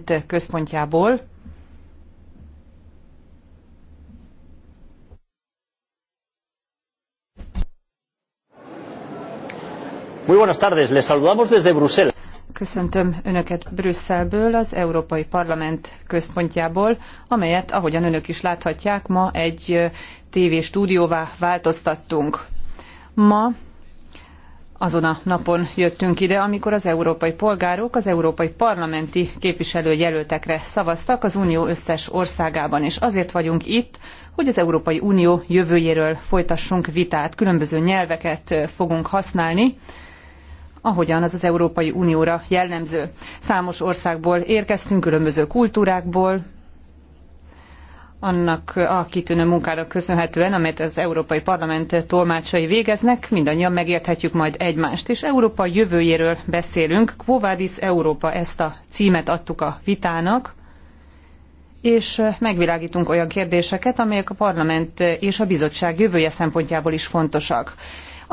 parlament központjából. Muy buenas tardes, les saludamos desde Bruselas. Köszöntöm Önöket Brüsszelből, az Európai Parlament központjából, amelyet, ahogyan Önök is láthatják, ma egy eh, TV stúdióvá változtattunk. Ma azon a napon jöttünk ide, amikor az európai polgárok az európai parlamenti képviselőjelöltekre szavaztak az Unió összes országában, és azért vagyunk itt, hogy az Európai Unió jövőjéről folytassunk vitát. Különböző nyelveket fogunk használni, ahogyan az az Európai Unióra jellemző. Számos országból érkeztünk, különböző kultúrákból, annak a kitűnő munkára köszönhetően, amit az Európai Parlament tolmácsai végeznek, mindannyian megérthetjük majd egymást. És Európa jövőjéről beszélünk. Vadis Európa, ezt a címet adtuk a vitának, és megvilágítunk olyan kérdéseket, amelyek a parlament és a bizottság jövője szempontjából is fontosak.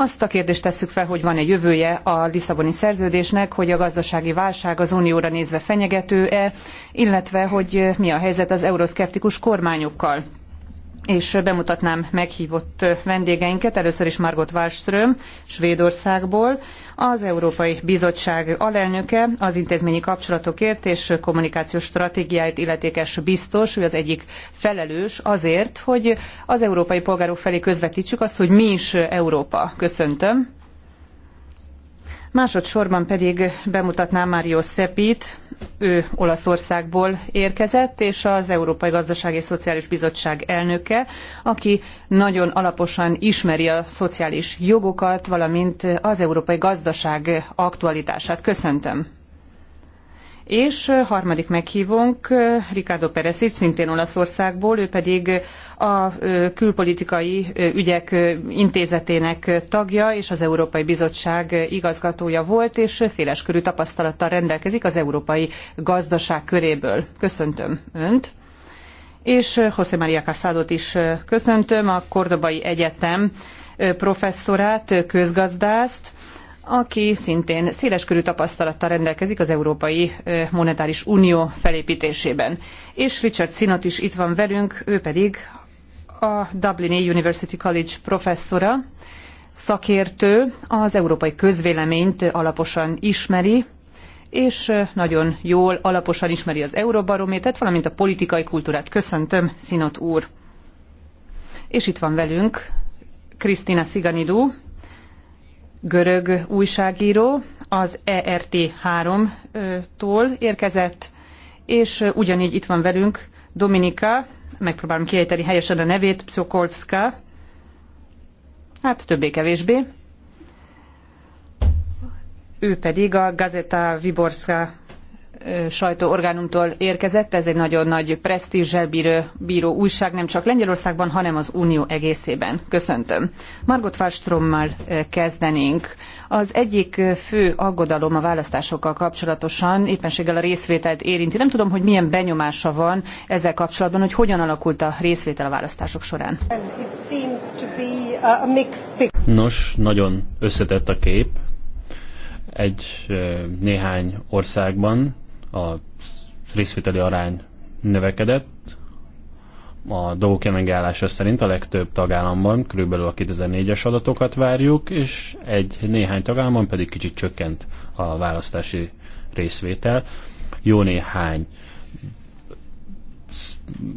Azt a kérdést tesszük fel, hogy van-e jövője a Lisszaboni szerződésnek, hogy a gazdasági válság az unióra nézve fenyegető-e, illetve hogy mi a helyzet az euroszkeptikus kormányokkal és bemutatnám meghívott vendégeinket. Először is Margot Wallström, Svédországból, az Európai Bizottság alelnöke, az intézményi kapcsolatokért és kommunikációs stratégiáért illetékes biztos, ő az egyik felelős azért, hogy az európai polgárok felé közvetítsük azt, hogy mi is Európa. Köszöntöm. Másodszorban pedig bemutatnám Mário Szepit, ő Olaszországból érkezett, és az Európai Gazdasági és Szociális Bizottság elnöke, aki nagyon alaposan ismeri a szociális jogokat, valamint az európai gazdaság aktualitását. Köszöntöm! És harmadik meghívónk Ricardo Peresic, szintén Olaszországból, ő pedig a külpolitikai ügyek intézetének tagja és az Európai Bizottság igazgatója volt, és széles körű tapasztalattal rendelkezik az európai gazdaság köréből. Köszöntöm Önt! és José Maria Casado-t is köszöntöm, a Kordobai Egyetem professzorát, közgazdászt, aki szintén széleskörű tapasztalattal rendelkezik az Európai Monetáris Unió felépítésében. És Richard Sinot is itt van velünk, ő pedig a Dublini University College professzora, szakértő, az európai közvéleményt alaposan ismeri, és nagyon jól, alaposan ismeri az Euróbarométert, valamint a politikai kultúrát. Köszöntöm, Sinot úr! És itt van velünk Krisztina Sziganidú, görög újságíró az ERT3-tól érkezett, és ugyanígy itt van velünk Dominika, megpróbálom kiejteni helyesen a nevét, Pszokolszka, hát többé-kevésbé. Ő pedig a Gazeta Viborska sajtóorgánumtól érkezett. Ez egy nagyon nagy presztízsel bíró, bíró újság, nem csak Lengyelországban, hanem az Unió egészében. Köszöntöm. Margot Wallströmmel kezdenénk. Az egyik fő aggodalom a választásokkal kapcsolatosan éppenséggel a részvételt érinti. Nem tudom, hogy milyen benyomása van ezzel kapcsolatban, hogy hogyan alakult a részvétel a választások során. Nos, nagyon összetett a kép egy néhány országban a részvételi arány növekedett. A dolgok jelenállása szerint a legtöbb tagállamban körülbelül a 2004-es adatokat várjuk, és egy néhány tagállamban pedig kicsit csökkent a választási részvétel. Jó néhány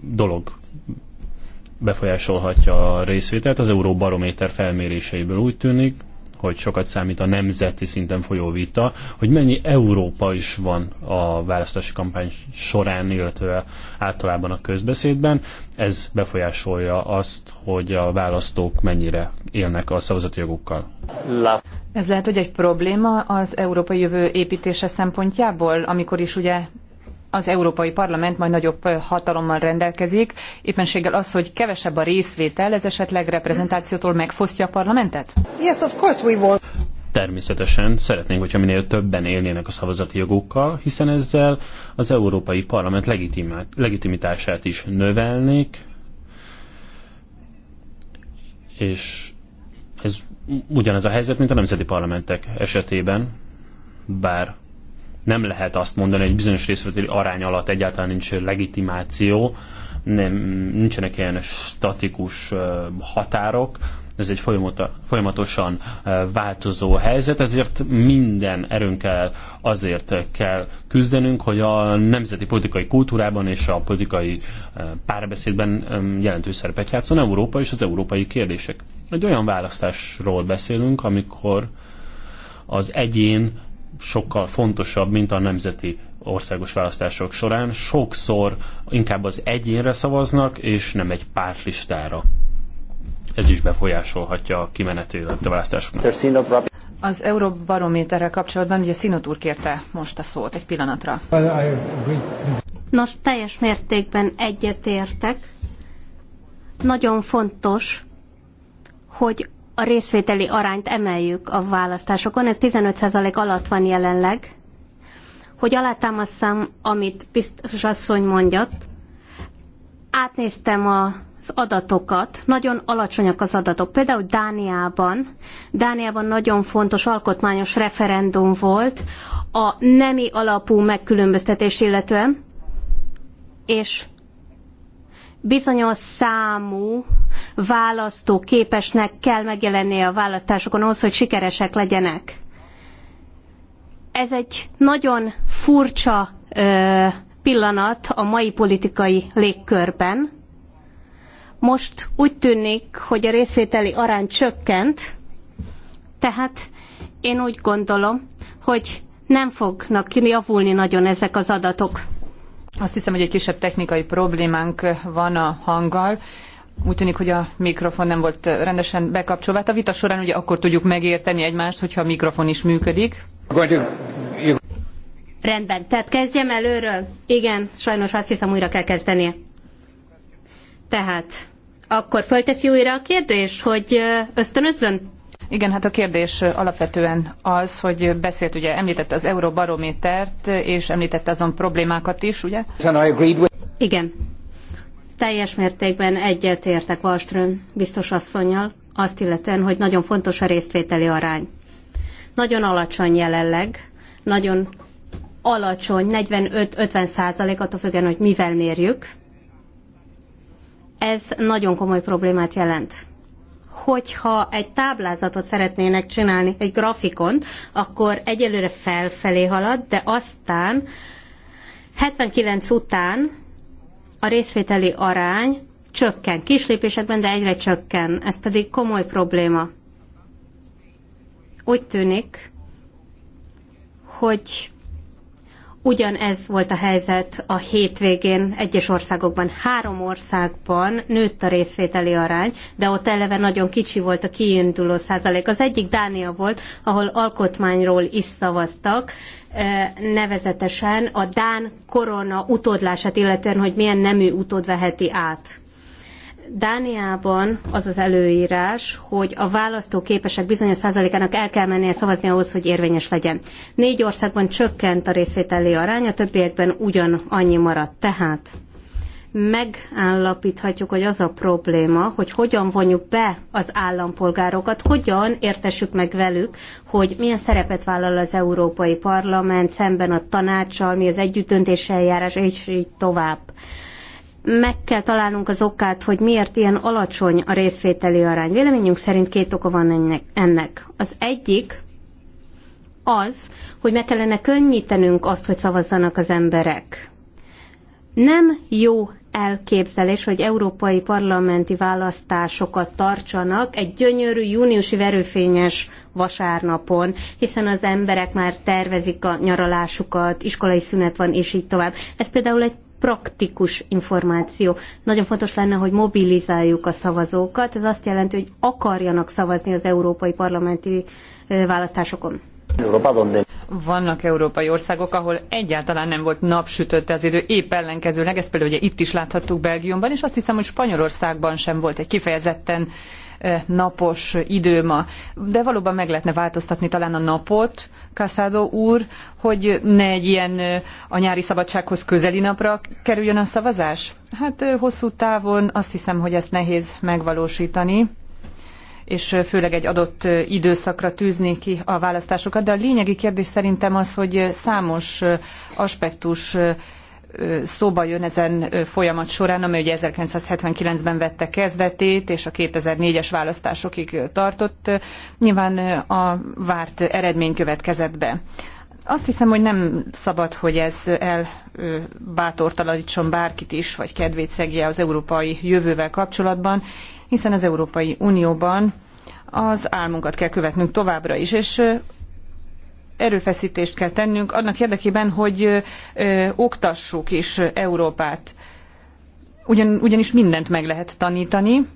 dolog befolyásolhatja a részvételt. Az Euróbarométer felméréseiből úgy tűnik, hogy sokat számít a nemzeti szinten folyó vita, hogy mennyi Európa is van a választási kampány során, illetve általában a közbeszédben. Ez befolyásolja azt, hogy a választók mennyire élnek a szavazati jogukkal. Ez lehet, hogy egy probléma az európai jövő építése szempontjából, amikor is ugye az Európai Parlament majd nagyobb hatalommal rendelkezik. Éppenséggel az, hogy kevesebb a részvétel, ez esetleg reprezentációtól megfosztja a parlamentet? Yes, of course we Természetesen szeretnénk, hogyha minél többen élnének a szavazati jogukkal, hiszen ezzel az Európai Parlament legitimitását is növelnék, és ez ugyanaz a helyzet, mint a nemzeti parlamentek esetében, bár nem lehet azt mondani, hogy bizonyos részvételi arány alatt egyáltalán nincs legitimáció, nem, nincsenek ilyen statikus határok, ez egy folyamatosan változó helyzet, ezért minden erőnkkel azért kell küzdenünk, hogy a nemzeti politikai kultúrában és a politikai párbeszédben jelentős szerepet játszon Európa és az európai kérdések. Egy olyan választásról beszélünk, amikor az egyén sokkal fontosabb, mint a nemzeti országos választások során. Sokszor inkább az egyénre szavaznak, és nem egy pártlistára. Ez is befolyásolhatja a kimenetét a választásoknak. Az Euróbarométerrel kapcsolatban ugye Színot úr kérte most a szót egy pillanatra. Nos, teljes mértékben egyetértek. Nagyon fontos, hogy a részvételi arányt emeljük a választásokon, ez 15% alatt van jelenleg, hogy alátámasszam, amit biztos asszony mondjat, átnéztem az adatokat, nagyon alacsonyak az adatok. Például Dániában, Dániában nagyon fontos alkotmányos referendum volt a nemi alapú megkülönböztetés illetően, és bizonyos számú választó képesnek kell megjelennie a választásokon ahhoz, hogy sikeresek legyenek. Ez egy nagyon furcsa pillanat a mai politikai légkörben. Most úgy tűnik, hogy a részvételi arány csökkent, tehát én úgy gondolom, hogy nem fognak javulni nagyon ezek az adatok. Azt hiszem, hogy egy kisebb technikai problémánk van a hanggal. Úgy tűnik, hogy a mikrofon nem volt rendesen bekapcsolva. Hát a vita során ugye akkor tudjuk megérteni egymást, hogyha a mikrofon is működik. Rendben, tehát kezdjem előről? Igen, sajnos azt hiszem újra kell kezdenie. Tehát, akkor fölteszi újra a kérdés, hogy ösztönözzön? Igen, hát a kérdés alapvetően az, hogy beszélt, ugye említette az Euróbarométert, és említette azon problémákat is, ugye? Igen. Teljes mértékben egyetértek Wallström biztos asszonynal, azt illetően, hogy nagyon fontos a részvételi arány. Nagyon alacsony jelenleg, nagyon alacsony, 45-50 százalék, attól függően, hogy mivel mérjük. Ez nagyon komoly problémát jelent hogyha egy táblázatot szeretnének csinálni, egy grafikont, akkor egyelőre felfelé halad, de aztán 79 után a részvételi arány csökken, kis de egyre csökken. Ez pedig komoly probléma. Úgy tűnik, hogy Ugyanez volt a helyzet a hétvégén egyes országokban. Három országban nőtt a részvételi arány, de ott eleve nagyon kicsi volt a kiinduló százalék. Az egyik Dánia volt, ahol alkotmányról is szavaztak, eh, nevezetesen a Dán korona utódlását, illetően, hogy milyen nemű utód veheti át. Dániában az az előírás, hogy a választóképesek bizonyos százalékának el kell mennie szavazni ahhoz, hogy érvényes legyen. Négy országban csökkent a részvételi arány, a többiekben ugyanannyi maradt. Tehát megállapíthatjuk, hogy az a probléma, hogy hogyan vonjuk be az állampolgárokat, hogyan értessük meg velük, hogy milyen szerepet vállal az Európai Parlament szemben a tanácssal, mi az együttöntés és így tovább meg kell találnunk az okát, hogy miért ilyen alacsony a részvételi arány. Véleményünk szerint két oka van ennek. Az egyik az, hogy meg kellene könnyítenünk azt, hogy szavazzanak az emberek. Nem jó elképzelés, hogy európai parlamenti választásokat tartsanak egy gyönyörű júniusi verőfényes vasárnapon, hiszen az emberek már tervezik a nyaralásukat, iskolai szünet van, és így tovább. Ez például egy praktikus információ. Nagyon fontos lenne, hogy mobilizáljuk a szavazókat. Ez azt jelenti, hogy akarjanak szavazni az európai parlamenti választásokon. Vannak európai országok, ahol egyáltalán nem volt napsütött az idő, épp ellenkezőleg, ezt például ugye itt is láthattuk Belgiumban, és azt hiszem, hogy Spanyolországban sem volt egy kifejezetten napos idő ma. De valóban meg lehetne változtatni talán a napot, Kaszádó úr, hogy ne egy ilyen a nyári szabadsághoz közeli napra kerüljön a szavazás? Hát hosszú távon azt hiszem, hogy ezt nehéz megvalósítani és főleg egy adott időszakra tűzni ki a választásokat. De a lényegi kérdés szerintem az, hogy számos aspektus szóba jön ezen folyamat során, amely ugye 1979-ben vette kezdetét, és a 2004-es választásokig tartott, nyilván a várt eredmény következett be. Azt hiszem, hogy nem szabad, hogy ez elbátortalanítson bárkit is, vagy kedvét szegje az európai jövővel kapcsolatban, hiszen az Európai Unióban az álmunkat kell követnünk továbbra is, és erőfeszítést kell tennünk annak érdekében, hogy oktassuk is Európát. Ugyan, ugyanis mindent meg lehet tanítani,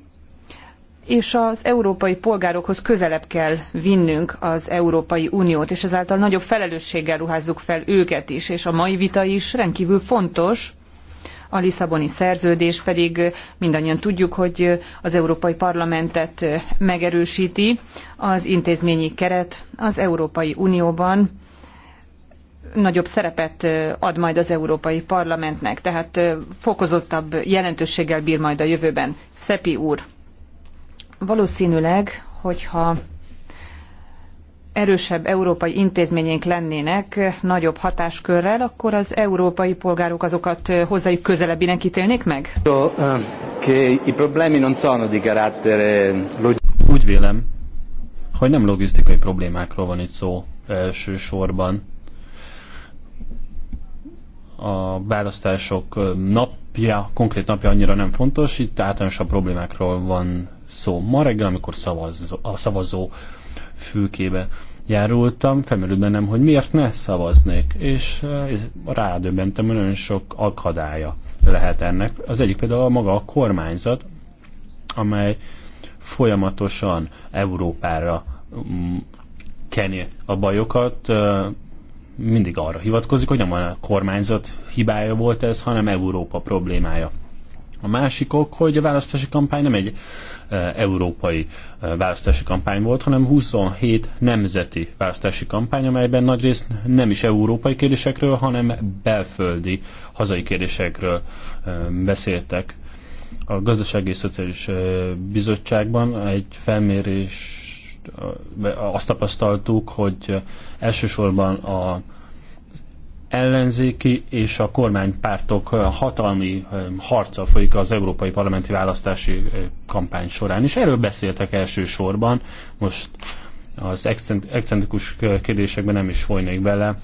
és az európai polgárokhoz közelebb kell vinnünk az Európai Uniót, és ezáltal nagyobb felelősséggel ruházzuk fel őket is, és a mai vita is rendkívül fontos, a Lisszaboni szerződés pedig mindannyian tudjuk, hogy az Európai Parlamentet megerősíti az intézményi keret az Európai Unióban, nagyobb szerepet ad majd az Európai Parlamentnek, tehát fokozottabb jelentőséggel bír majd a jövőben. Szepi úr, valószínűleg, hogyha erősebb európai intézményénk lennének nagyobb hatáskörrel, akkor az európai polgárok azokat hozzájuk közelebbinek ítélnék meg? Úgy vélem, hogy nem logisztikai problémákról van itt szó elsősorban. A választások napja, konkrét napja annyira nem fontos, itt általánosabb a problémákról van szó. Ma reggel, amikor szavaz, a szavazó fülkébe járultam, felmerült bennem, hogy miért ne szavaznék, és eh, rádöbbentem, hogy nagyon sok akadálya lehet ennek. Az egyik például a maga a kormányzat, amely folyamatosan Európára mm, keni a bajokat, eh, mindig arra hivatkozik, hogy nem a kormányzat hibája volt ez, hanem Európa problémája. A másik ok, hogy a választási kampány nem egy e, európai e, választási kampány volt, hanem 27 nemzeti választási kampány, amelyben nagyrészt nem is európai kérdésekről, hanem belföldi, hazai kérdésekről e, beszéltek. A Gazdasági és Szociális Bizottságban egy felmérés azt tapasztaltuk, hogy elsősorban a ellenzéki és a kormánypártok hatalmi harca folyik az európai parlamenti választási kampány során, és erről beszéltek elsősorban, most az excentrikus kérdésekben nem is folynék bele,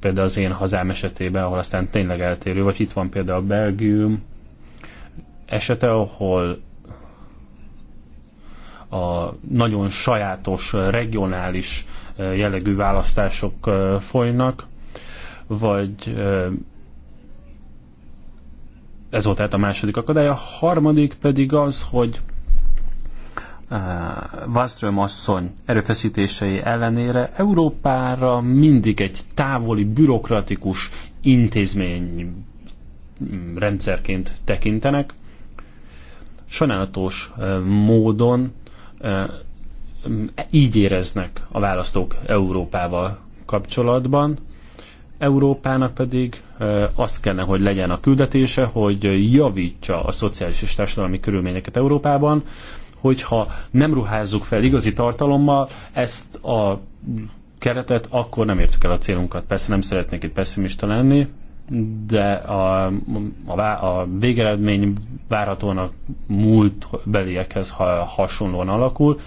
például az én hazám esetében, ahol aztán tényleg eltérő, vagy itt van például a Belgium esete, ahol a nagyon sajátos regionális jellegű választások folynak, vagy ez volt tehát a második akadály. A harmadik pedig az, hogy Wallström asszony erőfeszítései ellenére Európára mindig egy távoli, bürokratikus intézmény rendszerként tekintenek. Sajnálatos módon így éreznek a választók Európával kapcsolatban. Európának pedig az kellene, hogy legyen a küldetése, hogy javítsa a szociális és társadalmi körülményeket Európában, hogyha nem ruházzuk fel igazi tartalommal ezt a keretet, akkor nem értük el a célunkat. Persze nem szeretnék itt pessimista lenni, de a, a, a végeredmény várhatóan a múlt beliekhez hasonlóan alakul.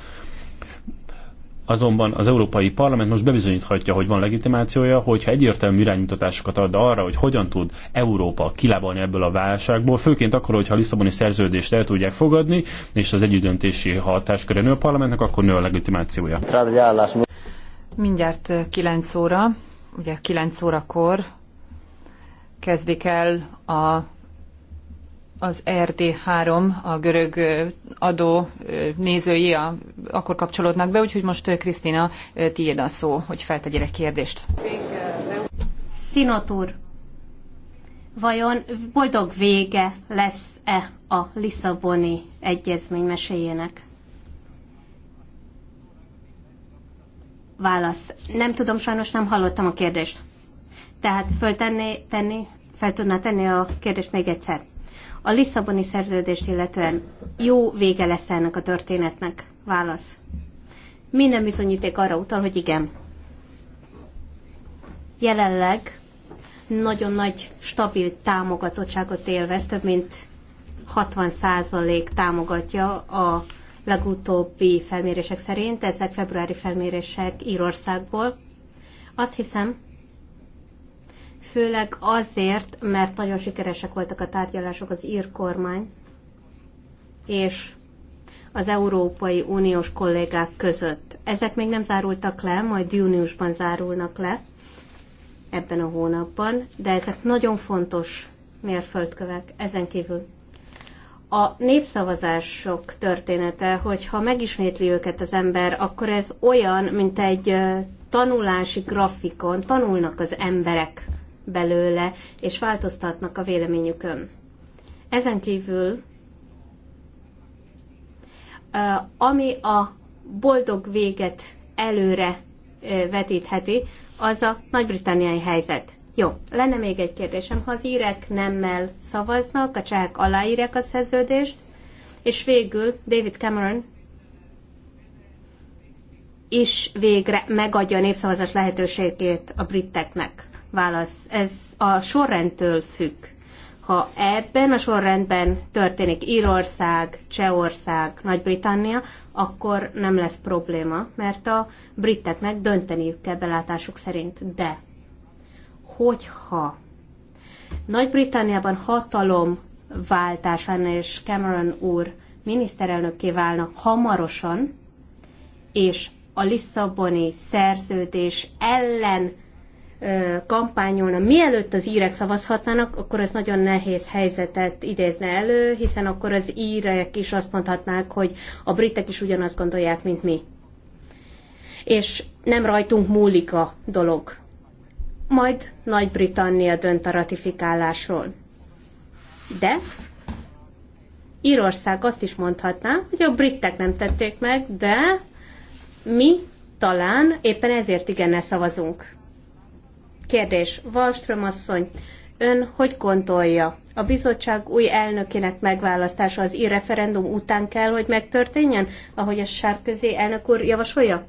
Azonban az Európai Parlament most bebizonyíthatja, hogy van legitimációja, hogyha egyértelmű iránymutatásokat ad arra, hogy hogyan tud Európa kilábalni ebből a válságból, főként akkor, hogyha a Lisszaboni szerződést el tudják fogadni, és az együttdöntési hatásköre nő a parlamentnek, akkor nő a legitimációja. Mindjárt 9 eh, óra, ugye 9 órakor kezdik el a az RD3, a görög adó nézői a, akkor kapcsolódnak be, úgyhogy most Krisztina, tiéd a szó, hogy feltegyél egy kérdést. Szinot vajon boldog vége lesz-e a Lisszaboni egyezmény meséjének? Válasz. Nem tudom, sajnos nem hallottam a kérdést. Tehát föltenni, tenni, fel tudná tenni a kérdést még egyszer a Lisszaboni szerződést illetően jó vége lesz ennek a történetnek? Válasz. Minden bizonyíték arra utal, hogy igen. Jelenleg nagyon nagy, stabil támogatottságot élvez, több mint 60% támogatja a legutóbbi felmérések szerint, ezek februári felmérések Írországból. Azt hiszem, főleg azért, mert nagyon sikeresek voltak a tárgyalások az ír kormány és az Európai Uniós kollégák között. Ezek még nem zárultak le, majd júniusban zárulnak le ebben a hónapban, de ezek nagyon fontos mérföldkövek ezen kívül. A népszavazások története, hogyha megismétli őket az ember, akkor ez olyan, mint egy tanulási grafikon, tanulnak az emberek belőle, és változtatnak a véleményükön. Ezen kívül, ami a boldog véget előre vetítheti, az a nagy-britanniai helyzet. Jó, lenne még egy kérdésem. Ha az írek nemmel szavaznak, a csehek aláírek a szerződést, és végül David Cameron is végre megadja a népszavazás lehetőségét a briteknek válasz. Ez a sorrendtől függ. Ha ebben a sorrendben történik Írország, Csehország, Nagy-Britannia, akkor nem lesz probléma, mert a briteknek dönteniük kell belátásuk szerint. De hogyha Nagy-Britanniában hatalom lenne, és Cameron úr miniszterelnökké válna hamarosan, és a Lisszaboni szerződés ellen kampányolna, mielőtt az írek szavazhatnának, akkor ez nagyon nehéz helyzetet idézne elő, hiszen akkor az írek is azt mondhatnák, hogy a britek is ugyanazt gondolják, mint mi. És nem rajtunk múlik a dolog. Majd Nagy-Britannia dönt a ratifikálásról. De Írország azt is mondhatná, hogy a britek nem tették meg, de mi talán éppen ezért igennel szavazunk. Kérdés, Wallström asszony, ön hogy gondolja? A bizottság új elnökének megválasztása az irreferendum után kell, hogy megtörténjen, ahogy a Sárközi elnök úr javasolja?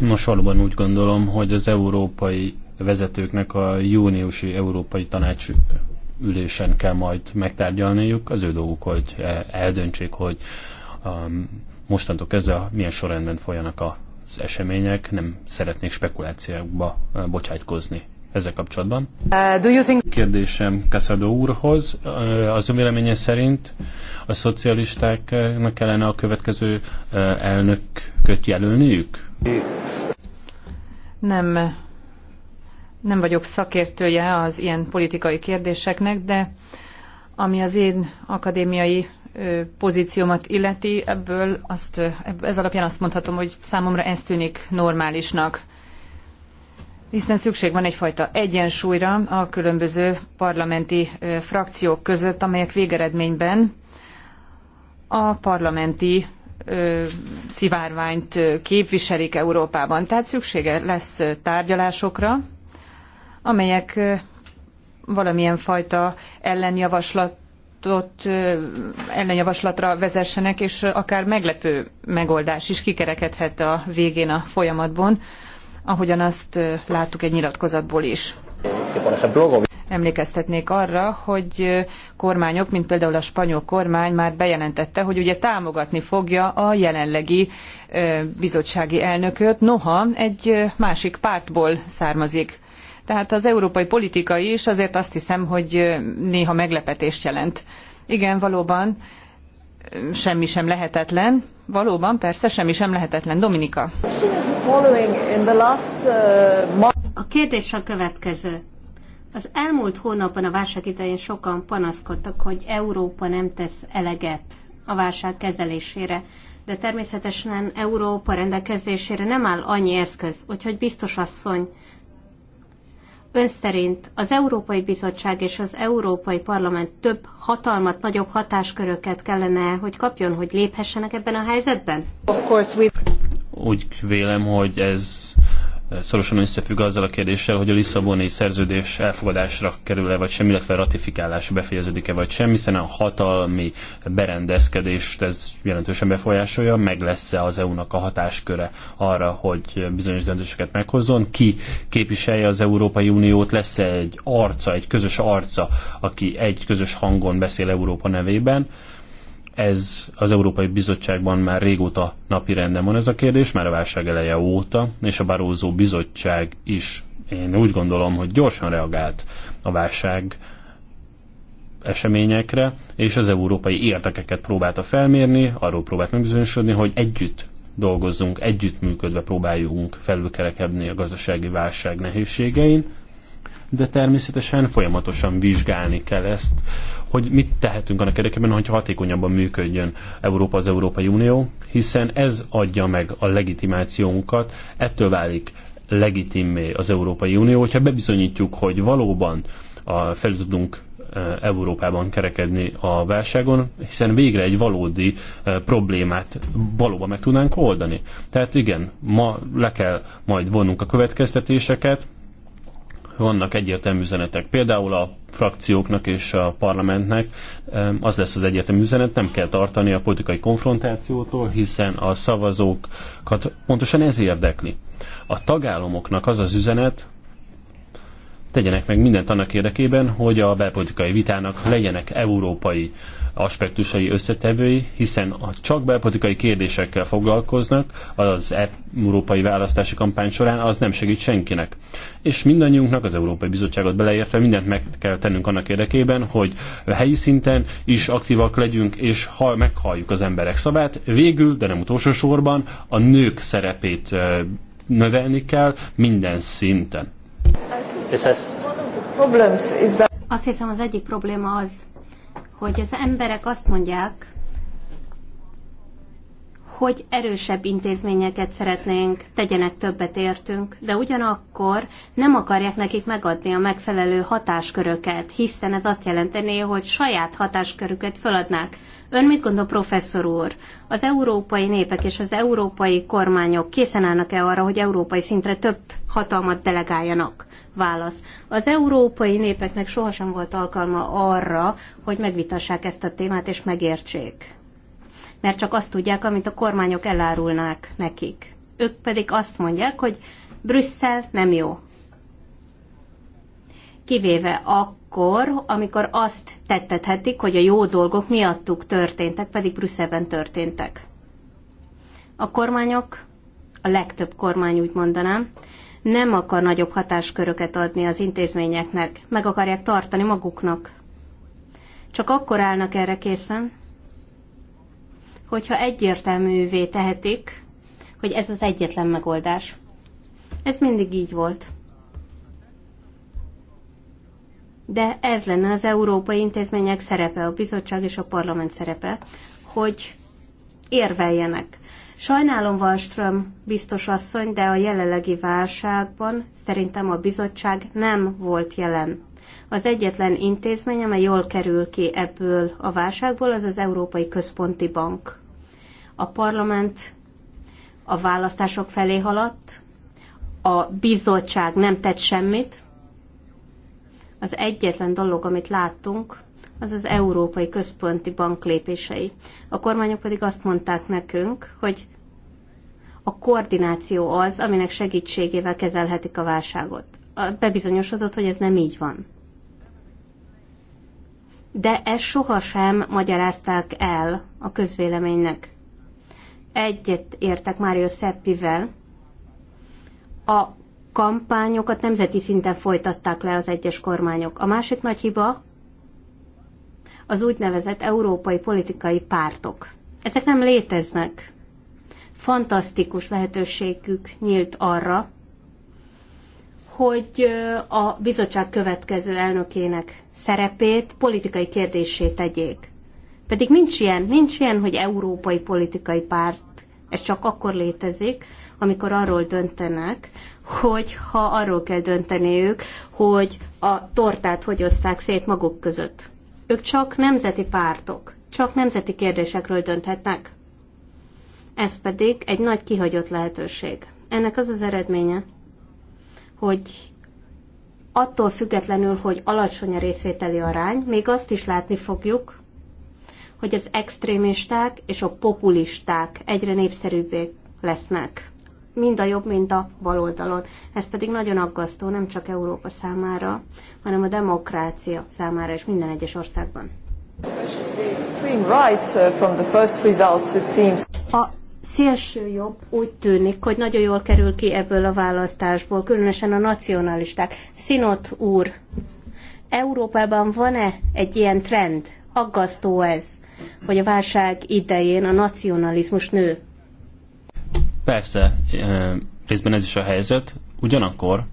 Nos, valóban úgy gondolom, hogy az európai vezetőknek a júniusi Európai Tanács ülésen kell majd megtárgyalniuk. Az ő dolguk, hogy e- eldöntsék, hogy um, mostantól kezdve milyen sorrendben folyanak a az események, nem szeretnék spekulációkba eh, bocsájtkozni ezzel kapcsolatban. Uh, think... Kérdésem kassadó úrhoz. Eh, az ön véleménye szerint a szocialistáknak kellene a következő eh, elnököt jelölniük? Nem, nem vagyok szakértője az ilyen politikai kérdéseknek, de ami az én akadémiai pozíciómat illeti, ebből azt, ez alapján azt mondhatom, hogy számomra ez tűnik normálisnak. Hiszen szükség van egyfajta egyensúlyra a különböző parlamenti frakciók között, amelyek végeredményben a parlamenti szivárványt képviselik Európában. Tehát szüksége lesz tárgyalásokra, amelyek valamilyen fajta ellenjavaslat javaslatot ellenjavaslatra vezessenek, és akár meglepő megoldás is kikerekedhet a végén a folyamatban, ahogyan azt láttuk egy nyilatkozatból is. Emlékeztetnék arra, hogy kormányok, mint például a spanyol kormány már bejelentette, hogy ugye támogatni fogja a jelenlegi bizottsági elnököt, noha egy másik pártból származik. Tehát az európai politika is azért azt hiszem, hogy néha meglepetést jelent. Igen, valóban semmi sem lehetetlen. Valóban, persze, semmi sem lehetetlen. Dominika. A kérdés a következő. Az elmúlt hónapban a válság idején sokan panaszkodtak, hogy Európa nem tesz eleget a válság kezelésére, de természetesen Európa rendelkezésére nem áll annyi eszköz, úgyhogy biztos asszony, Ön szerint az Európai Bizottság és az Európai Parlament több hatalmat, nagyobb hatásköröket kellene, hogy kapjon, hogy léphessenek ebben a helyzetben? Of course we... Úgy vélem, hogy ez szorosan összefügg azzal a kérdéssel, hogy a Lisszaboni szerződés elfogadásra kerül-e vagy sem, illetve ratifikálás befejeződik-e vagy sem, hiszen a hatalmi berendezkedést ez jelentősen befolyásolja, meg lesz-e az EU-nak a hatásköre arra, hogy bizonyos döntéseket meghozzon, ki képviselje az Európai Uniót, lesz-e egy arca, egy közös arca, aki egy közös hangon beszél Európa nevében, ez az Európai Bizottságban már régóta napi renden van ez a kérdés, már a válság eleje óta, és a Barózó Bizottság is, én úgy gondolom, hogy gyorsan reagált a válság eseményekre, és az európai értekeket próbálta felmérni, arról próbált megbizonyosodni, hogy együtt dolgozzunk, együttműködve próbáljunk felülkerekedni a gazdasági válság nehézségein, de természetesen folyamatosan vizsgálni kell ezt, hogy mit tehetünk annak érdekében, hogy hatékonyabban működjön Európa az Európai Unió, hiszen ez adja meg a legitimációnkat, ettől válik legitimé az Európai Unió, hogyha bebizonyítjuk, hogy valóban a, fel tudunk e, Európában kerekedni a válságon, hiszen végre egy valódi e, problémát valóban meg tudnánk oldani. Tehát igen, ma le kell majd vonnunk a következtetéseket, vannak egyértelmű üzenetek. Például a frakcióknak és a parlamentnek az lesz az egyértelmű üzenet, nem kell tartani a politikai konfrontációtól, hiszen a szavazókat pontosan ez érdekli. A tagállamoknak az az üzenet, tegyenek meg mindent annak érdekében, hogy a belpolitikai vitának legyenek európai aspektusai összetevői, hiszen a csak belpolitikai kérdésekkel foglalkoznak az e- európai választási kampány során, az nem segít senkinek. És mindannyiunknak, az Európai Bizottságot beleértve mindent meg kell tennünk annak érdekében, hogy helyi szinten is aktívak legyünk, és ha meghalljuk az emberek szavát, végül, de nem utolsó sorban, a nők szerepét növelni kell minden szinten. Azt hiszem az egyik probléma az, hogy az emberek azt mondják, hogy erősebb intézményeket szeretnénk, tegyenek többet értünk, de ugyanakkor nem akarják nekik megadni a megfelelő hatásköröket, hiszen ez azt jelentené, hogy saját hatáskörüket föladnák. Ön mit gondol, professzor úr? Az európai népek és az európai kormányok készen állnak-e arra, hogy európai szintre több hatalmat delegáljanak? Válasz. Az európai népeknek sohasem volt alkalma arra, hogy megvitassák ezt a témát és megértsék mert csak azt tudják, amit a kormányok elárulnák nekik. Ők pedig azt mondják, hogy Brüsszel nem jó. Kivéve akkor, amikor azt tettethetik, hogy a jó dolgok miattuk történtek, pedig Brüsszelben történtek. A kormányok, a legtöbb kormány úgy mondanám, nem akar nagyobb hatásköröket adni az intézményeknek, meg akarják tartani maguknak. Csak akkor állnak erre készen, hogyha egyértelművé tehetik, hogy ez az egyetlen megoldás. Ez mindig így volt. De ez lenne az európai intézmények szerepe, a bizottság és a parlament szerepe, hogy érveljenek. Sajnálom, Wallström biztos asszony, de a jelenlegi válságban szerintem a bizottság nem volt jelen. Az egyetlen intézmény, amely jól kerül ki ebből a válságból, az az Európai Központi Bank. A parlament a választások felé haladt, a bizottság nem tett semmit. Az egyetlen dolog, amit láttunk, az az Európai Központi Bank lépései. A kormányok pedig azt mondták nekünk, hogy a koordináció az, aminek segítségével kezelhetik a válságot. Bebizonyosodott, hogy ez nem így van. De ezt sohasem magyarázták el a közvéleménynek egyet értek Mário Szeppivel, a kampányokat nemzeti szinten folytatták le az egyes kormányok. A másik nagy hiba az úgynevezett európai politikai pártok. Ezek nem léteznek. Fantasztikus lehetőségük nyílt arra, hogy a bizottság következő elnökének szerepét politikai kérdését tegyék. Pedig nincs ilyen, nincs ilyen, hogy európai politikai párt, ez csak akkor létezik, amikor arról döntenek, hogy ha arról kell dönteniük, hogy a tortát hogy oszták szét maguk között. Ők csak nemzeti pártok, csak nemzeti kérdésekről dönthetnek. Ez pedig egy nagy kihagyott lehetőség. Ennek az az eredménye, hogy attól függetlenül, hogy alacsony a részvételi arány, még azt is látni fogjuk, hogy az extrémisták és a populisták egyre népszerűbbé lesznek. Mind a jobb, mint a baloldalon. Ez pedig nagyon aggasztó, nem csak Európa számára, hanem a demokrácia számára és minden egyes országban. A szélső jobb úgy tűnik, hogy nagyon jól kerül ki ebből a választásból, különösen a nacionalisták. Sinot úr, Európában van-e egy ilyen trend? Aggasztó ez hogy a válság idején a nacionalizmus nő. Persze, részben ez is a helyzet, ugyanakkor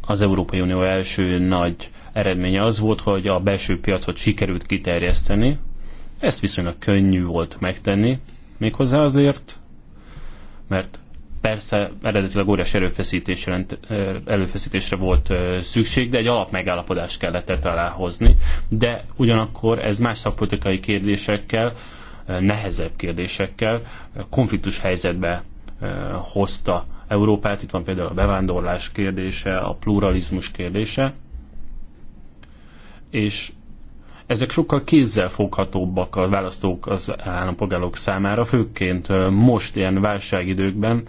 az Európai Unió első nagy eredménye az volt, hogy a belső piacot sikerült kiterjeszteni. Ezt viszonylag könnyű volt megtenni, méghozzá azért, mert Persze eredetileg óriási erőfeszítésre, előfeszítésre volt szükség, de egy alapmegállapodást kellett -e aláhozni. De ugyanakkor ez más szakpolitikai kérdésekkel, nehezebb kérdésekkel konfliktus helyzetbe hozta Európát. Itt van például a bevándorlás kérdése, a pluralizmus kérdése. És ezek sokkal kézzelfoghatóbbak a választók az állampolgárok számára, főként most ilyen válságidőkben,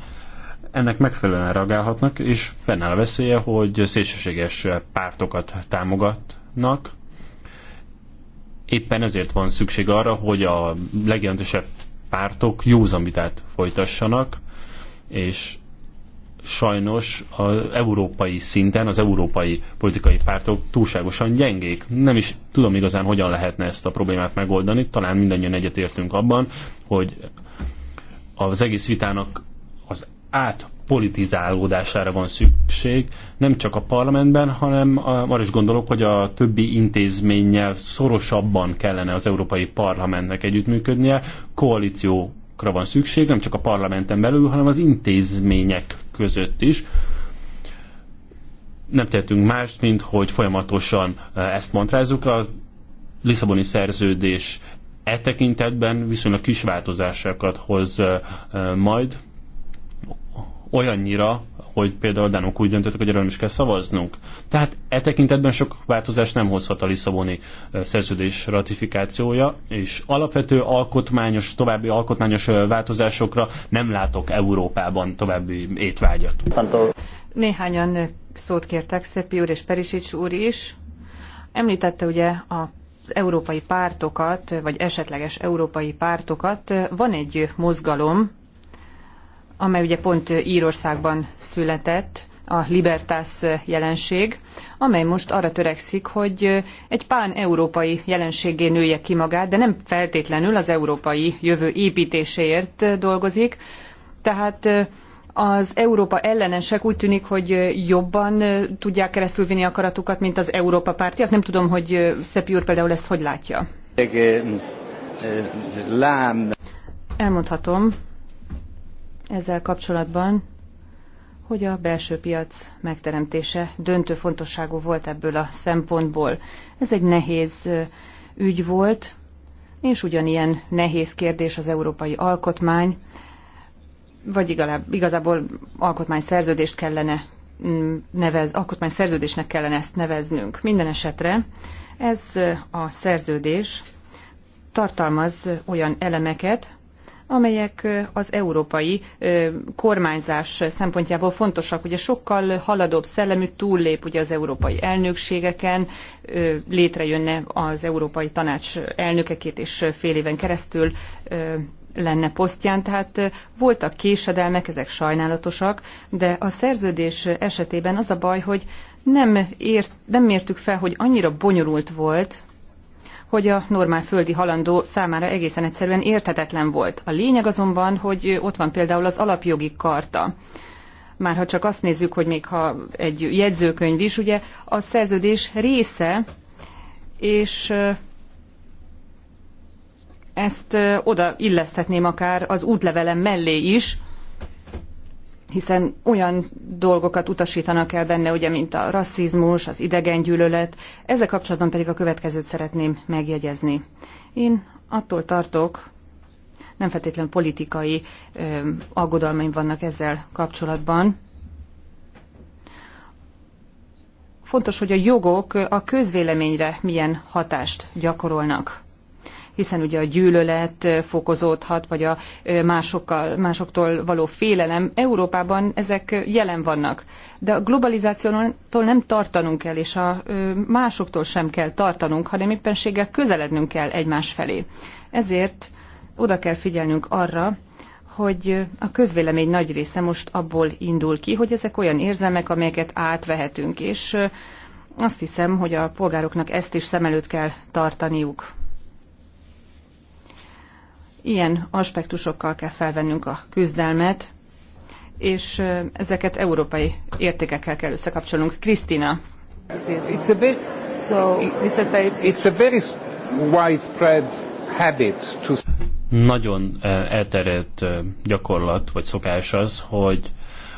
ennek megfelelően reagálhatnak, és fennáll a veszélye, hogy szélsőséges pártokat támogatnak. Éppen ezért van szükség arra, hogy a legjelentősebb pártok józan folytassanak, és sajnos az európai szinten az európai politikai pártok túlságosan gyengék. Nem is tudom igazán, hogyan lehetne ezt a problémát megoldani. Talán mindannyian egyetértünk abban, hogy az egész vitának az átpolitizálódására van szükség, nem csak a parlamentben, hanem arra is gondolok, hogy a többi intézménnyel szorosabban kellene az Európai Parlamentnek együttműködnie, koalíciókra van szükség, nem csak a parlamenten belül, hanem az intézmények között is nem tehetünk mást, mint hogy folyamatosan e, ezt mantrázzuk. A Lisszaboni szerződés e tekintetben viszonylag kis változásokat hoz e, e, majd olyannyira, hogy például a Dánok úgy döntöttek, hogy erről is kell szavaznunk. Tehát e tekintetben sok változás nem hozhat a Lisszaboni szerződés ratifikációja, és alapvető alkotmányos, további alkotmányos változásokra nem látok Európában további étvágyat. Néhányan szót kértek, Szepi úr és Perisics úr is. Említette ugye a az európai pártokat, vagy esetleges európai pártokat. Van egy mozgalom, amely ugye pont Írországban született, a Libertas jelenség, amely most arra törekszik, hogy egy pán-európai jelenségé nője ki magát, de nem feltétlenül az európai jövő építéséért dolgozik. Tehát az Európa ellenesek úgy tűnik, hogy jobban tudják keresztülvinni akaratukat, mint az Európa pártiak. Hát nem tudom, hogy Szepi úr például ezt hogy látja. Elmondhatom, ezzel kapcsolatban, hogy a belső piac megteremtése döntő fontosságú volt ebből a szempontból. Ez egy nehéz ügy volt, és ugyanilyen nehéz kérdés az európai alkotmány, vagy igazából, igazából alkotmányszerződést kellene mm, nevez, alkotmányszerződésnek kellene ezt neveznünk. Minden esetre ez a szerződés tartalmaz olyan elemeket, amelyek az európai kormányzás szempontjából fontosak. Ugye sokkal haladóbb szellemű túllép ugye az európai elnökségeken, létrejönne az Európai Tanács elnökekét és fél éven keresztül lenne posztján, tehát voltak késedelmek, ezek sajnálatosak, de a szerződés esetében az a baj, hogy nem, ért, nem mértük fel, hogy annyira bonyolult volt, hogy a normál földi halandó számára egészen egyszerűen érthetetlen volt. A lényeg azonban, hogy ott van például az alapjogi karta már ha csak azt nézzük, hogy még ha egy jegyzőkönyv is, ugye a szerződés része, és ezt oda illesztetném akár az útlevelem mellé is, hiszen olyan dolgokat utasítanak el benne, ugye, mint a rasszizmus, az idegengyűlölet. Ezzel kapcsolatban pedig a következőt szeretném megjegyezni. Én attól tartok, nem feltétlenül politikai ö, aggodalmaim vannak ezzel kapcsolatban. Fontos, hogy a jogok a közvéleményre milyen hatást gyakorolnak hiszen ugye a gyűlölet fokozódhat, vagy a másokkal, másoktól való félelem. Európában ezek jelen vannak, de a globalizációtól nem tartanunk kell, és a másoktól sem kell tartanunk, hanem éppenséggel közelednünk kell egymás felé. Ezért oda kell figyelnünk arra, hogy a közvélemény nagy része most abból indul ki, hogy ezek olyan érzelmek, amelyeket átvehetünk, és azt hiszem, hogy a polgároknak ezt is szem előtt kell tartaniuk. Ilyen aspektusokkal kell felvennünk a küzdelmet, és ezeket európai értékekkel kell összekapcsolnunk. Krisztina. It's a bit, so, Mr. Paris. It's a very widespread habit to... Nagyon elterjedt gyakorlat vagy szokás az, hogy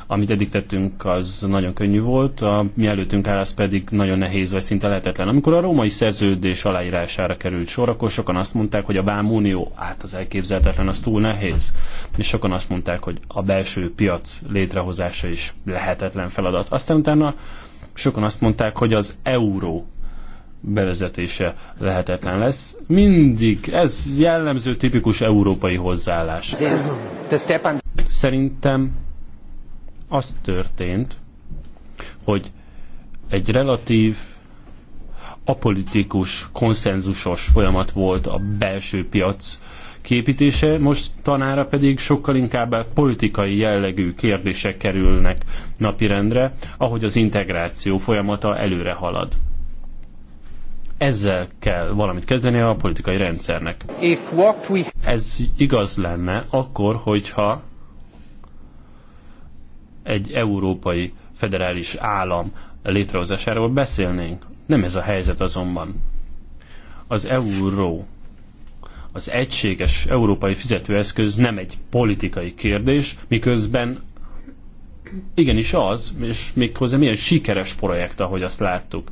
amit eddig tettünk, az nagyon könnyű volt, a mi előttünk áll, az pedig nagyon nehéz, vagy szinte lehetetlen. Amikor a római szerződés aláírására került sor, akkor sokan azt mondták, hogy a Vámunió át az elképzelhetetlen, az túl nehéz. És sokan azt mondták, hogy a belső piac létrehozása is lehetetlen feladat. Aztán utána sokan azt mondták, hogy az euró bevezetése lehetetlen lesz. Mindig ez jellemző, tipikus európai hozzáállás. Szerintem az történt, hogy egy relatív apolitikus, konszenzusos folyamat volt a belső piac képítése, most tanára pedig sokkal inkább politikai jellegű kérdések kerülnek napirendre, ahogy az integráció folyamata előre halad. Ezzel kell valamit kezdeni a politikai rendszernek. Ez igaz lenne akkor, hogyha egy európai federális állam létrehozásáról beszélnénk. Nem ez a helyzet azonban. Az euró, az egységes európai fizetőeszköz nem egy politikai kérdés, miközben igenis az, és méghozzá milyen sikeres projekt, ahogy azt láttuk.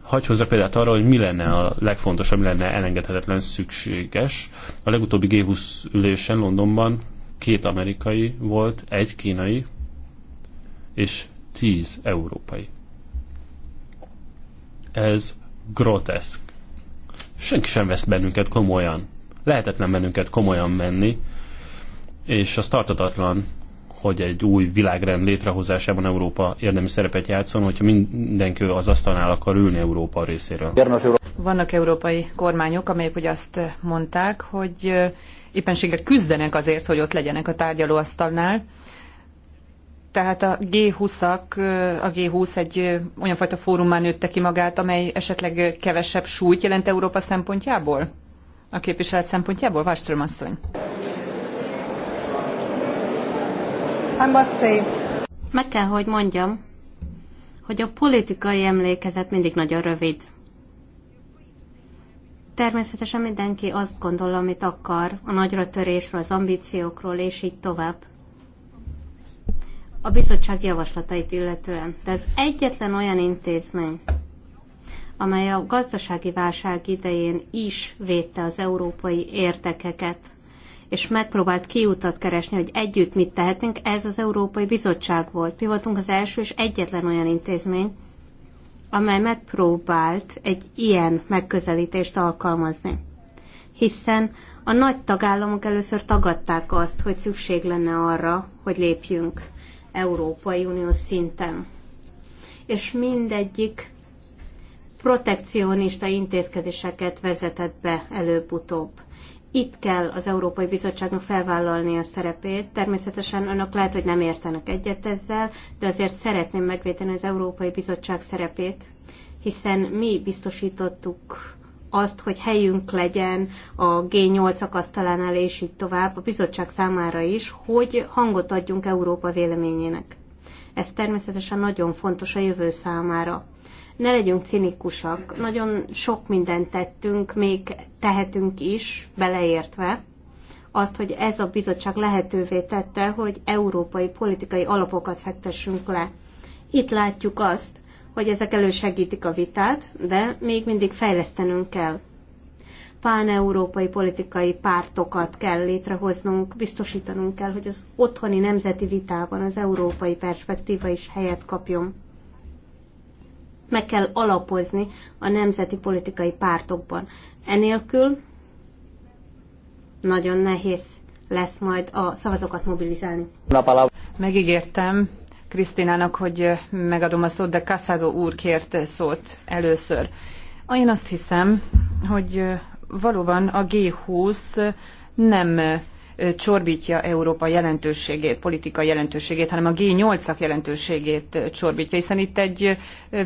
Hagy hozzak példát arra, hogy mi lenne a legfontosabb, mi lenne elengedhetetlen szükséges. A legutóbbi G20 ülésen Londonban két amerikai volt, egy kínai, és 10 európai. Ez groteszk. Senki sem vesz bennünket komolyan. Lehetetlen bennünket komolyan menni, és az tartatatlan, hogy egy új világrend létrehozásában Európa érdemi szerepet játszon, hogyha mindenki az asztalnál akar ülni Európa részéről. Vannak európai kormányok, amelyek ugye azt mondták, hogy éppenséggel küzdenek azért, hogy ott legyenek a tárgyalóasztalnál, tehát a G20-ak, a G20 egy olyan fajta fórumán nőtte ki magát, amely esetleg kevesebb súlyt jelent Európa szempontjából? A képviselet szempontjából, Wallström asszony? Meg kell, hogy mondjam, hogy a politikai emlékezet mindig nagyon rövid. Természetesen mindenki azt gondol, amit akar, a nagyra törésről, az ambíciókról, és így tovább a bizottság javaslatait illetően. De az egyetlen olyan intézmény, amely a gazdasági válság idején is védte az európai értekeket, és megpróbált kiutat keresni, hogy együtt mit tehetünk, ez az Európai Bizottság volt. Mi voltunk az első és egyetlen olyan intézmény, amely megpróbált egy ilyen megközelítést alkalmazni. Hiszen a nagy tagállamok először tagadták azt, hogy szükség lenne arra, hogy lépjünk. Európai Unió szinten. És mindegyik protekcionista intézkedéseket vezetett be előbb-utóbb. Itt kell az Európai Bizottságnak felvállalni a szerepét. Természetesen önök lehet, hogy nem értenek egyet ezzel, de azért szeretném megvédeni az Európai Bizottság szerepét, hiszen mi biztosítottuk azt, hogy helyünk legyen a G8 akasztalánál, és így tovább, a bizottság számára is, hogy hangot adjunk Európa véleményének. Ez természetesen nagyon fontos a jövő számára. Ne legyünk cinikusak, nagyon sok mindent tettünk, még tehetünk is, beleértve azt, hogy ez a bizottság lehetővé tette, hogy európai politikai alapokat fektessünk le. Itt látjuk azt, hogy ezek elősegítik a vitát, de még mindig fejlesztenünk kell. Pán-európai politikai pártokat kell létrehoznunk, biztosítanunk kell, hogy az otthoni nemzeti vitában az európai perspektíva is helyet kapjon. Meg kell alapozni a nemzeti politikai pártokban. Enélkül nagyon nehéz lesz majd a szavazokat mobilizálni. Megígértem, Krisztinának, hogy megadom a szót, de Casado úr kért szót először. Én azt hiszem, hogy valóban a G20 nem csorbítja Európa jelentőségét, politikai jelentőségét, hanem a G8-ak jelentőségét csorbítja, hiszen itt egy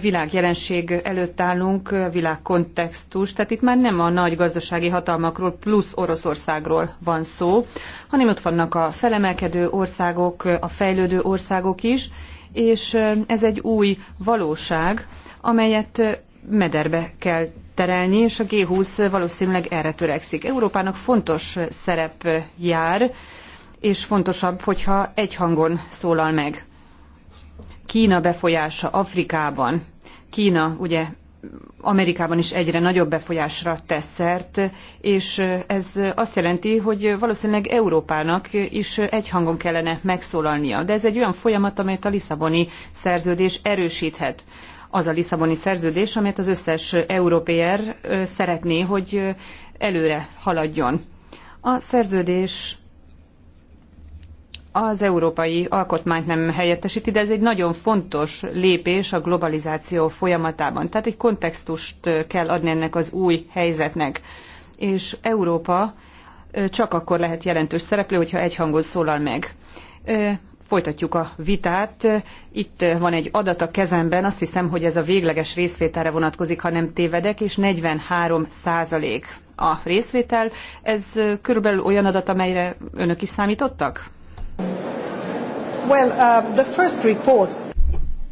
világjelenség előtt állunk, világkontextus, tehát itt már nem a nagy gazdasági hatalmakról plusz Oroszországról van szó, hanem ott vannak a felemelkedő országok, a fejlődő országok is, és ez egy új valóság, amelyet mederbe kell terelni, és a G20 valószínűleg erre törekszik. Európának fontos szerep jár, és fontosabb, hogyha egy hangon szólal meg. Kína befolyása Afrikában. Kína ugye Amerikában is egyre nagyobb befolyásra tesz szert, és ez azt jelenti, hogy valószínűleg Európának is egy hangon kellene megszólalnia. De ez egy olyan folyamat, amelyet a Lisszaboni szerződés erősíthet az a Lisszaboni szerződés, amelyet az összes európér szeretné, hogy előre haladjon. A szerződés az európai alkotmányt nem helyettesíti, de ez egy nagyon fontos lépés a globalizáció folyamatában. Tehát egy kontextust kell adni ennek az új helyzetnek. És Európa csak akkor lehet jelentős szereplő, hogyha egyhangon szólal meg folytatjuk a vitát. Itt eh, van egy adat a kezemben, azt hiszem, hogy ez a végleges részvételre vonatkozik, ha nem tévedek, és 43 százalék a részvétel. Ez eh, körülbelül olyan adat, amelyre önök is számítottak? Well, uh, the first reports...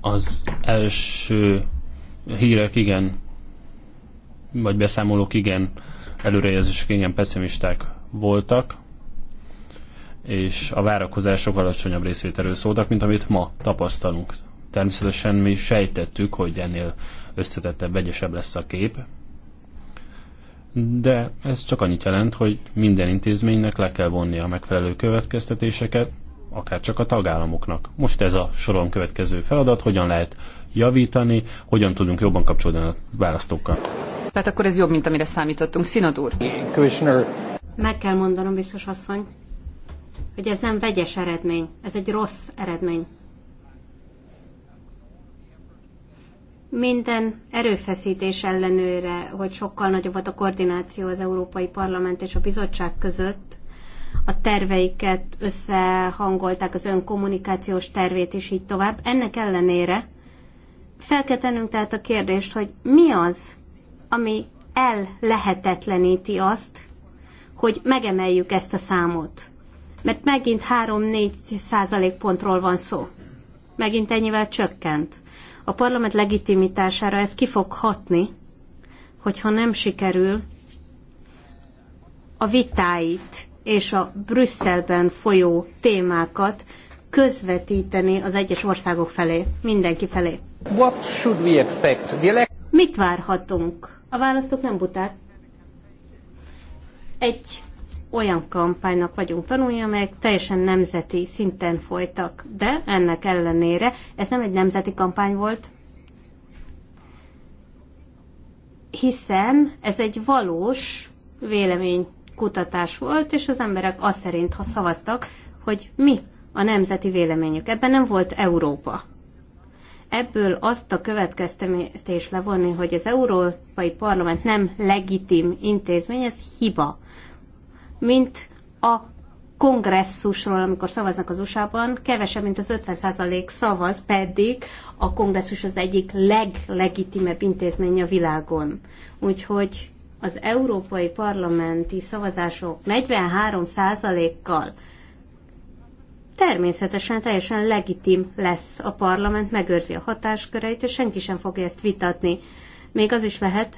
Az első hírek igen, vagy beszámolók igen, előrejelzések igen pessimisták voltak és a várakozások alacsonyabb részvételről szóltak, mint amit ma tapasztalunk. Természetesen mi sejtettük, hogy ennél összetettebb, vegyesebb lesz a kép, de ez csak annyit jelent, hogy minden intézménynek le kell vonnia a megfelelő következtetéseket, akár csak a tagállamoknak. Most ez a soron következő feladat, hogyan lehet javítani, hogyan tudunk jobban kapcsolódni a választókkal. Tehát akkor ez jobb, mint amire számítottunk. Színod úr! Meg kell mondanom, biztos asszony, hogy ez nem vegyes eredmény, ez egy rossz eredmény. Minden erőfeszítés ellenőre, hogy sokkal nagyobb volt a koordináció az Európai Parlament és a Bizottság között, a terveiket összehangolták, az önkommunikációs tervét is így tovább. Ennek ellenére fel kell tennünk tehát a kérdést, hogy mi az, ami el lehetetleníti azt, hogy megemeljük ezt a számot mert megint 3-4 százalékpontról van szó. Megint ennyivel csökkent. A parlament legitimitására ez ki fog hatni, hogyha nem sikerül a vitáit és a Brüsszelben folyó témákat közvetíteni az egyes országok felé, mindenki felé. What should we expect? The Mit várhatunk? A választók nem buták. Egy olyan kampánynak vagyunk tanulni, amelyek teljesen nemzeti szinten folytak. De ennek ellenére ez nem egy nemzeti kampány volt, hiszen ez egy valós véleménykutatás volt, és az emberek azt szerint, ha szavaztak, hogy mi a nemzeti véleményük. Ebben nem volt Európa. Ebből azt a következtetést levonni, hogy az Európai Parlament nem legitim intézmény, ez hiba mint a kongresszusról, amikor szavaznak az USA-ban, kevesebb, mint az 50% szavaz, pedig a kongresszus az egyik leglegitimebb intézmény a világon. Úgyhogy az európai parlamenti szavazások 43%-kal természetesen teljesen legitim lesz a parlament, megőrzi a hatásköreit, és senki sem fogja ezt vitatni. Még az is lehet,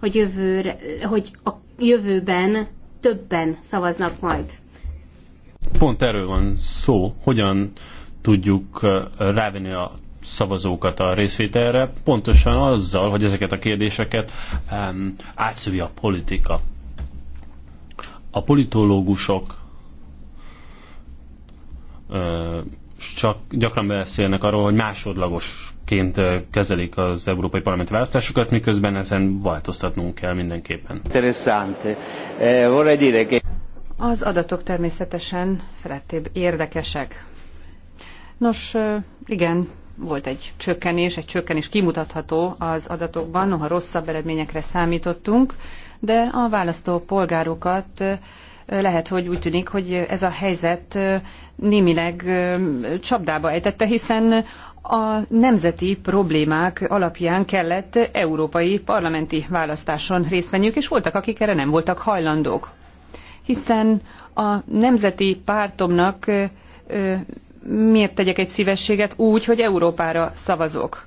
hogy, jövőre, hogy a jövőben többen szavaznak majd. Pont erről van szó, hogyan tudjuk rávenni a szavazókat a részvételre, pontosan azzal, hogy ezeket a kérdéseket um, átszövi a politika. A politológusok uh, csak gyakran beszélnek arról, hogy másodlagos ként kezelik az európai parlamenti választásokat, miközben ezen változtatnunk kell mindenképpen. Interessante. Eh, dire che... Az adatok természetesen felettébb érdekesek. Nos, igen, volt egy csökkenés, egy csökkenés kimutatható az adatokban, noha rosszabb eredményekre számítottunk, de a választó polgárokat lehet, hogy úgy tűnik, hogy ez a helyzet némileg csapdába ejtette, hiszen a nemzeti problémák alapján kellett európai parlamenti választáson részt venniük, és voltak, akik erre nem voltak hajlandók. Hiszen a nemzeti pártomnak miért tegyek egy szívességet úgy, hogy Európára szavazok?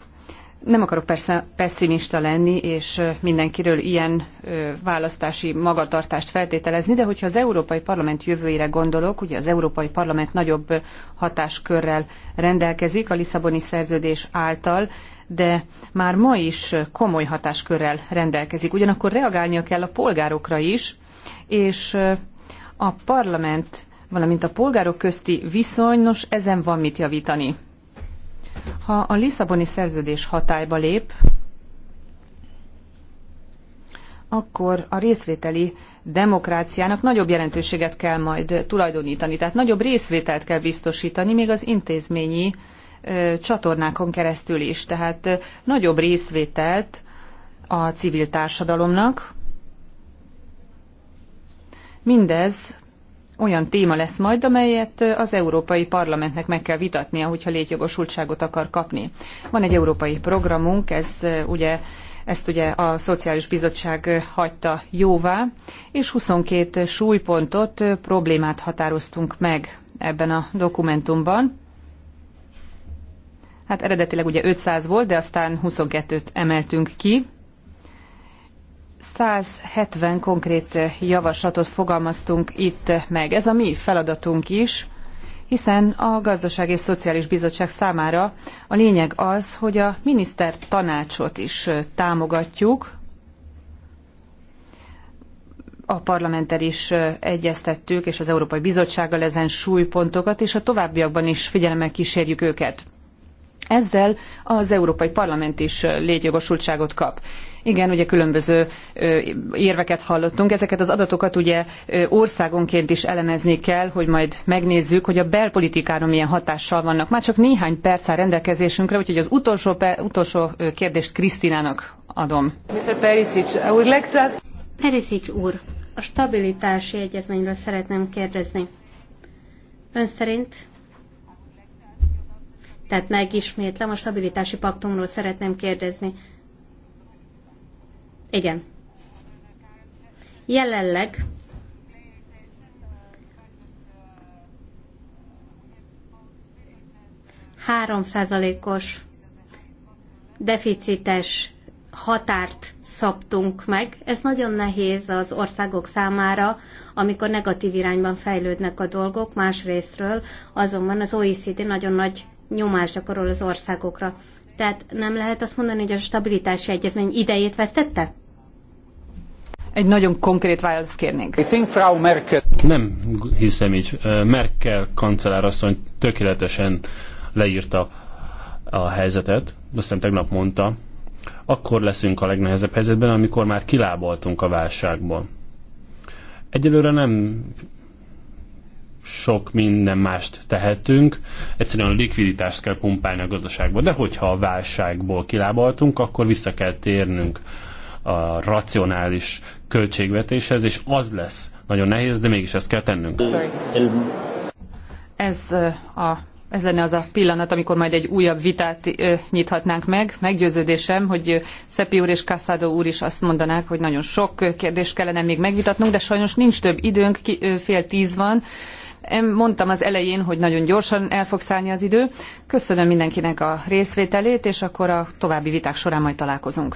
Nem akarok persze pessimista lenni, és mindenkiről ilyen választási magatartást feltételezni, de hogyha az Európai Parlament jövőire gondolok, ugye az Európai Parlament nagyobb hatáskörrel rendelkezik a Lisszaboni szerződés által, de már ma is komoly hatáskörrel rendelkezik. Ugyanakkor reagálnia kell a polgárokra is, és a parlament, valamint a polgárok közti viszony, nos, ezen van mit javítani ha a Lisszaboni szerződés hatályba lép, akkor a részvételi demokráciának nagyobb jelentőséget kell majd tulajdonítani, tehát nagyobb részvételt kell biztosítani, még az intézményi csatornákon keresztül is. Tehát nagyobb részvételt a civil társadalomnak. Mindez olyan téma lesz majd, amelyet az Európai Parlamentnek meg kell vitatnia, hogyha létjogosultságot akar kapni. Van egy európai programunk, ez ugye ezt ugye a Szociális Bizottság hagyta jóvá, és 22 súlypontot, problémát határoztunk meg ebben a dokumentumban. Hát eredetileg ugye 500 volt, de aztán 22-t emeltünk ki, 170 konkrét javaslatot fogalmaztunk itt meg. Ez a mi feladatunk is, hiszen a Gazdasági és Szociális Bizottság számára a lényeg az, hogy a miniszter tanácsot is támogatjuk, a parlamenttel is egyeztettük, és az Európai Bizottsággal ezen súlypontokat, és a továbbiakban is figyelemmel kísérjük őket. Ezzel az Európai Parlament is létjogosultságot kap. Igen, ugye különböző érveket hallottunk. Ezeket az adatokat ugye országonként is elemezni kell, hogy majd megnézzük, hogy a belpolitikára milyen hatással vannak. Már csak néhány perc áll rendelkezésünkre, úgyhogy az utolsó, utolsó kérdést Krisztinának adom. Mr. Perisic, Perisic úr, a stabilitási egyezményről szeretném kérdezni. Ön szerint tehát megismétlem, a stabilitási paktumról szeretném kérdezni. Igen. Jelenleg háromszázalékos deficites határt szabtunk meg. Ez nagyon nehéz az országok számára, amikor negatív irányban fejlődnek a dolgok másrésztről, azonban az OECD nagyon nagy nyomást gyakorol az országokra. Tehát nem lehet azt mondani, hogy a stabilitási egyezmény idejét vesztette? Egy nagyon konkrét választ kérnénk. Nem hiszem így. Merkel kancellárasszony tökéletesen leírta a helyzetet, azt hiszem tegnap mondta, akkor leszünk a legnehezebb helyzetben, amikor már kilábaltunk a válságból. Egyelőre nem sok minden mást tehetünk. Egyszerűen a likviditást kell pumpálni a gazdaságba, de hogyha a válságból kilábaltunk, akkor vissza kell térnünk a racionális költségvetéshez, és az lesz nagyon nehéz, de mégis ezt kell tennünk. Ez a ez lenne az a pillanat, amikor majd egy újabb vitát nyithatnánk meg. Meggyőződésem, hogy Szepi úr és Kassado úr is azt mondanák, hogy nagyon sok kérdést kellene még megvitatnunk, de sajnos nincs több időnk, fél tíz van, én mondtam az elején, hogy nagyon gyorsan el fog szállni az idő. Köszönöm mindenkinek a részvételét, és akkor a további viták során majd találkozunk.